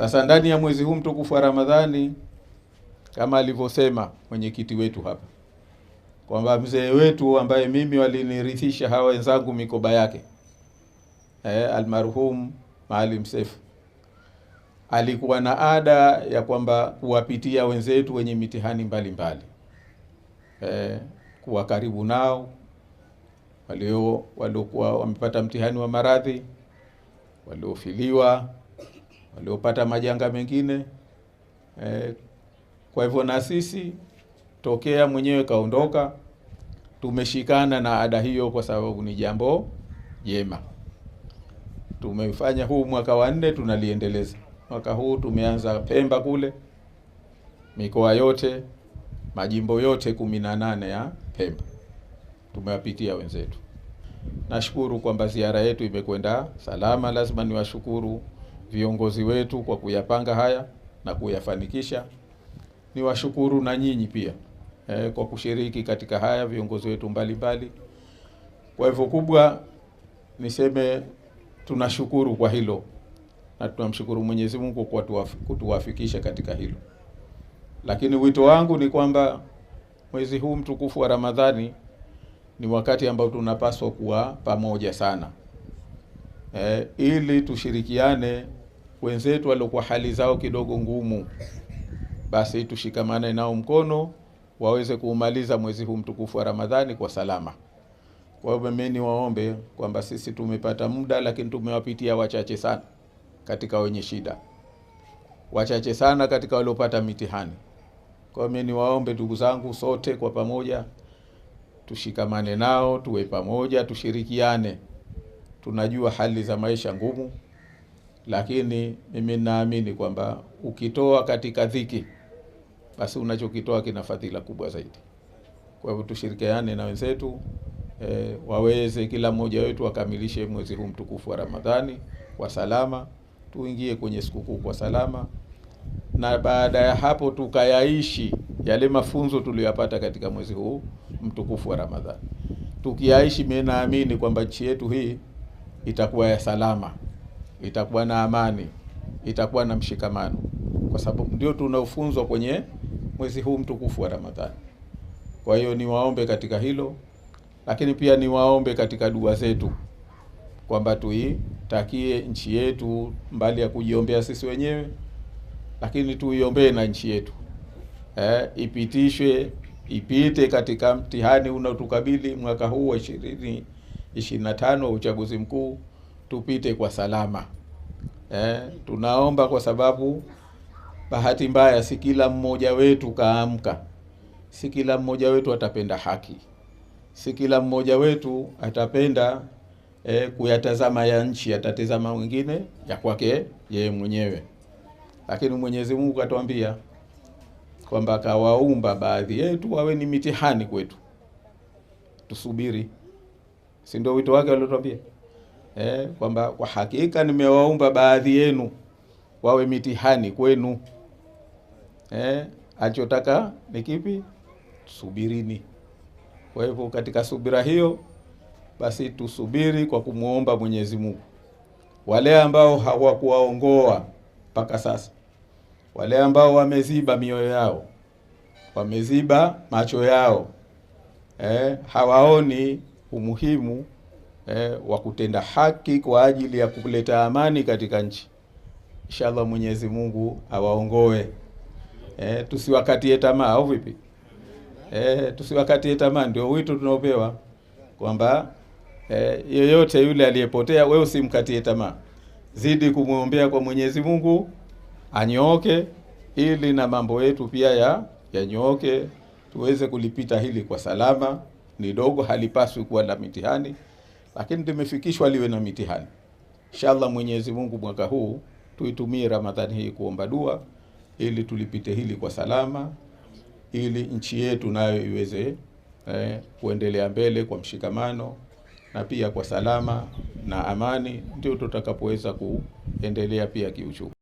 Sasa ndani ya mwezi huu mtukufu wa Ramadhani, kama alivyosema mwenyekiti wetu hapa kwamba mzee wetu ambaye mimi walinirithisha hawa wenzangu mikoba yake eh, almarhum Maalim Seif alikuwa na ada ya kwamba kuwapitia wenzetu wenye mitihani mbalimbali mbali. Eh, kuwa karibu nao walio waliokuwa wamepata mtihani wa maradhi waliofiliwa waliopata majanga mengine e, Kwa hivyo na sisi tokea mwenyewe kaondoka, tumeshikana na ada hiyo kwa sababu ni jambo jema. Tumefanya huu mwaka wa nne, tunaliendeleza mwaka huu. Tumeanza Pemba kule, mikoa yote, majimbo yote kumi na nane ya Pemba tumewapitia wenzetu. Nashukuru kwamba ziara yetu imekwenda salama. Lazima niwashukuru viongozi wetu kwa kuyapanga haya na kuyafanikisha. ni washukuru na nyinyi pia eh, kwa kushiriki katika haya viongozi wetu mbalimbali. Kwa hivyo kubwa niseme tunashukuru kwa hilo na tunamshukuru Mwenyezi Mungu kwa kutuwafikisha katika hilo, lakini wito wangu ni kwamba mwezi huu mtukufu wa Ramadhani ni wakati ambao tunapaswa kuwa pamoja sana eh, ili tushirikiane wenzetu waliokuwa hali zao kidogo ngumu, basi tushikamane nao mkono waweze kuumaliza mwezi huu mtukufu wa Ramadhani kwa salama. Kwa hiyo mimi niwaombe kwamba sisi tumepata muda, lakini tumewapitia wachache sana katika wenye shida, wachache sana katika waliopata mitihani. Kwa hiyo mimi niwaombe ndugu zangu, sote kwa pamoja tushikamane nao, tuwe pamoja, tushirikiane. Tunajua hali za maisha ngumu lakini mimi naamini kwamba ukitoa katika dhiki, basi unachokitoa kina fadhila kubwa zaidi. Kwa hivyo tushirikiane na wenzetu e, waweze kila mmoja wetu akamilishe mwezi huu mtukufu wa Ramadhani kwa salama, tuingie kwenye sikukuu kwa salama, na baada ya hapo tukayaishi yale mafunzo tuliyopata katika mwezi huu mtukufu wa Ramadhani. Tukiyaishi, mimi naamini kwamba nchi yetu hii itakuwa ya salama itakuwa na amani, itakuwa na mshikamano, kwa sababu ndio tunaofunzwa kwenye mwezi huu mtukufu wa Ramadhani. Kwa hiyo niwaombe katika hilo, lakini pia niwaombe katika dua zetu kwamba tuitakie nchi yetu, mbali ya kujiombea sisi wenyewe, lakini tuiombee na nchi yetu eh, ipitishwe ipite katika mtihani unaotukabili mwaka huu wa ishirini ishirini na tano wa uchaguzi mkuu tupite kwa salama eh. Tunaomba kwa sababu bahati mbaya, si kila mmoja wetu kaamka, si kila mmoja wetu atapenda haki, si kila mmoja wetu atapenda eh, kuyatazama ya nchi, atatazama mwingine ya kwake yeye mwenyewe, lakini Mwenyezi Mungu katuambia kwamba kawaumba baadhi yetu wawe ni mitihani kwetu, tusubiri, si ndio wito wake aliotuambia? eh, kwamba kwa hakika nimewaumba baadhi yenu wawe mitihani kwenu eh, achotaka ni kipi? Subirini. Kwa hivyo katika subira hiyo basi tusubiri kwa kumwomba Mwenyezi Mungu. Wale ambao hawakuwaongoa mpaka sasa, wale ambao wameziba mioyo yao, wameziba macho yao, eh, hawaoni umuhimu eh, wa kutenda haki kwa ajili ya kuleta amani katika nchi. Inshallah Mwenyezi Mungu awaongoe. Eh, tusiwakatie tamaa au vipi? Eh, tusiwakatie tamaa, ndio wito tunaopewa kwamba eh, yeyote yule aliyepotea, wewe usimkatie tamaa, zidi kumwombea kwa Mwenyezi Mungu anyooke, ili na mambo yetu pia ya yanyooke, tuweze kulipita hili kwa salama. Ni dogo, halipaswi kuwa la mitihani lakini tumefikishwa liwe na mitihani. Inshallah, Mwenyezi Mungu mwaka huu tuitumie Ramadhani hii kuomba dua ili tulipite hili kwa salama, ili nchi yetu nayo iweze eh, kuendelea mbele kwa mshikamano na pia kwa salama na amani, ndio tutakapoweza kuendelea pia kiuchumi.